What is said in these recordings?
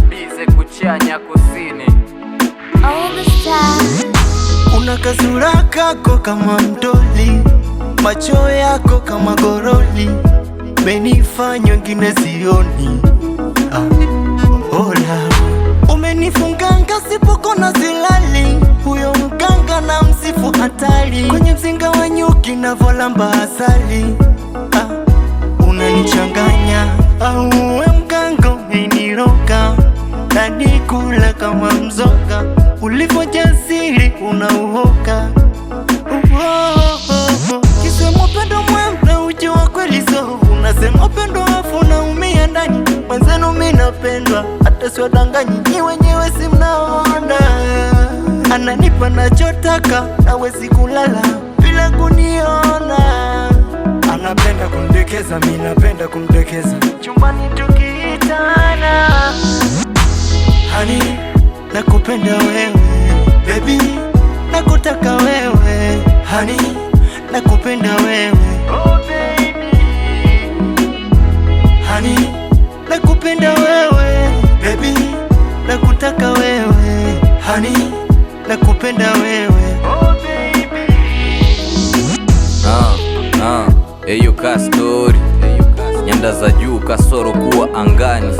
bize kuchanya kusini una kasura kako kama mtoli, macho yako kama goroli, menifanya ngine sioni. Ah, ola umenifunganga sipoko na zilali, huyo mganga na msifu hatari, kwenye mzinga wa nyuki navolamba asali. Ah, unanichanganya ujasiri unauhoka kisema pendo mwana uji wa kweli so unasema pendo afu naumia ndani mwenzenu minapendwa hata siwadanganyi nyi wenyewe simnaona ananipa nachotaka nawezi kulala bila kuniona anapenda kumdekeza minapenda kumdekeza chumbani tuki nataka wewe hani, nakupenda wewe oh, baby hani, nakupenda wewe baby, nakutaka wewe hani, nakupenda wewe oh, baby ah, ah, eyo ka story nyanda za juu kasoro kuwa angani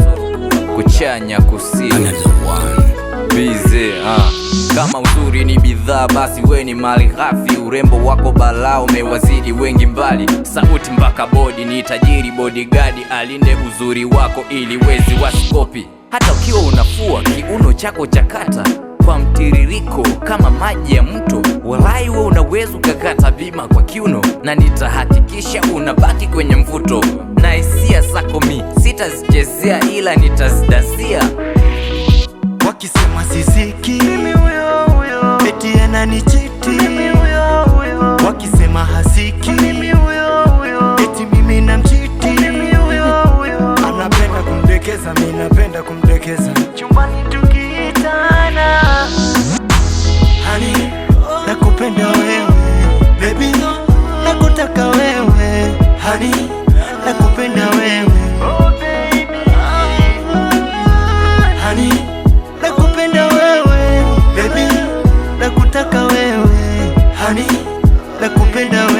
kuchanya kusini bize ha. Kama uzuri ni bidhaa, basi we ni mali ghafi. Urembo wako balaa, umewazidi wengi mbali. Sauti mpaka bodi ni tajiri, bodigadi alinde uzuri wako ili wezi wasikopi. Hata ukiwa unafua kiuno chako chakata kwa mtiririko kama maji ya mto. Walai, we unaweza ukakata bima kwa kiuno, na nitahakikisha unabaki kwenye mvuto, na hisia zako mi sitazichezea, ila nitazida kumtesa, mi napenda kumtekesa chumbani tukiitana, hani nakupenda wewe baby, nakutaka wewe hani nakupenda wewe oh, nakupenda wewe hani nakupenda wewe